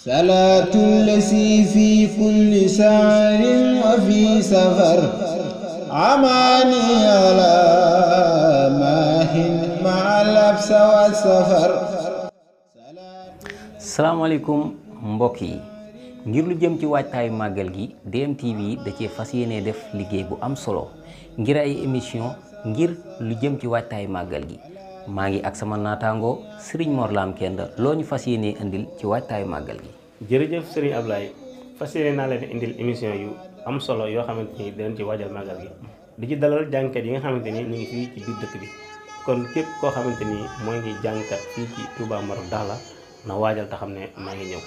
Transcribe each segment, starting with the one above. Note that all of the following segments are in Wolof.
صلاة الذي في كل سعر وفي سفر عماني على ماهن مع الأبس والسفر السلام عليكم مبوكي ngir lu jëm ci waajtaayu màggal gi DMTV da cee fas yéene def liggéey bu am solo ngir ay émission ngir lu jëm ci waajtaayu màggal gi maa ngi ak sama naataango Serigne Mor Lam Kenda loo ñu fas yéenee indil ci waajtaayu màggal gi. jërëjëf Serigne Ablaye fas yéene naa leen indil émission yu am solo yoo xamante ni dinañ ci waajal màggal gi di ci dalal jàngkat yi nga xamante ni ñu ngi fii ci biir dëkk bi kon képp koo xamante ni moo ngi jàngkat fii ci Touba Moroom dax la na waajal taxam ne maa ngi ñëw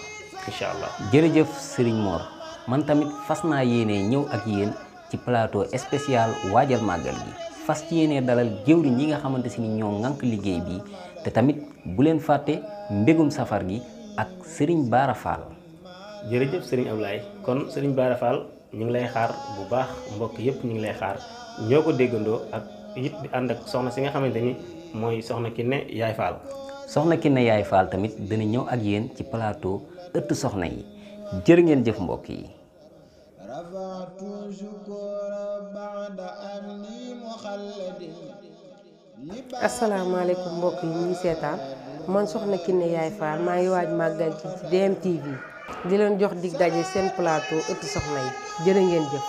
incha allah. jërëjëf Serigne Mor man tamit fas naa yéenee ñëw ak yéen ci plateau spécial waajal màggal gi. fas dalal gewri ñi nga xamanteni si ni ñoo ŋànk liggéey bi te tamit bu len faté mbégum safar gi ak serigne Bara Fall. jep sëriñ Ablaye kon serigne Bara Fall ñu lay xaar bu baax mbokk yépp ñing lay xaar ñoko ko ak it di and ak soxna si nga xamanteni moy soxna ki ne Yaay Fall. soxna ne Yaay Fall tamit dana ñew ak yeen ci plateau eut soxna yi jërë ngeen jëf mbokk yi. asalaamaaleykum mbokk yi ñuy seetaan man soxna Kiné Yaay Fall maa ngi waaj màggal ci DMTV di leen jox dig daje seen plateau ëttu soxna yi jërë ngeen jëf.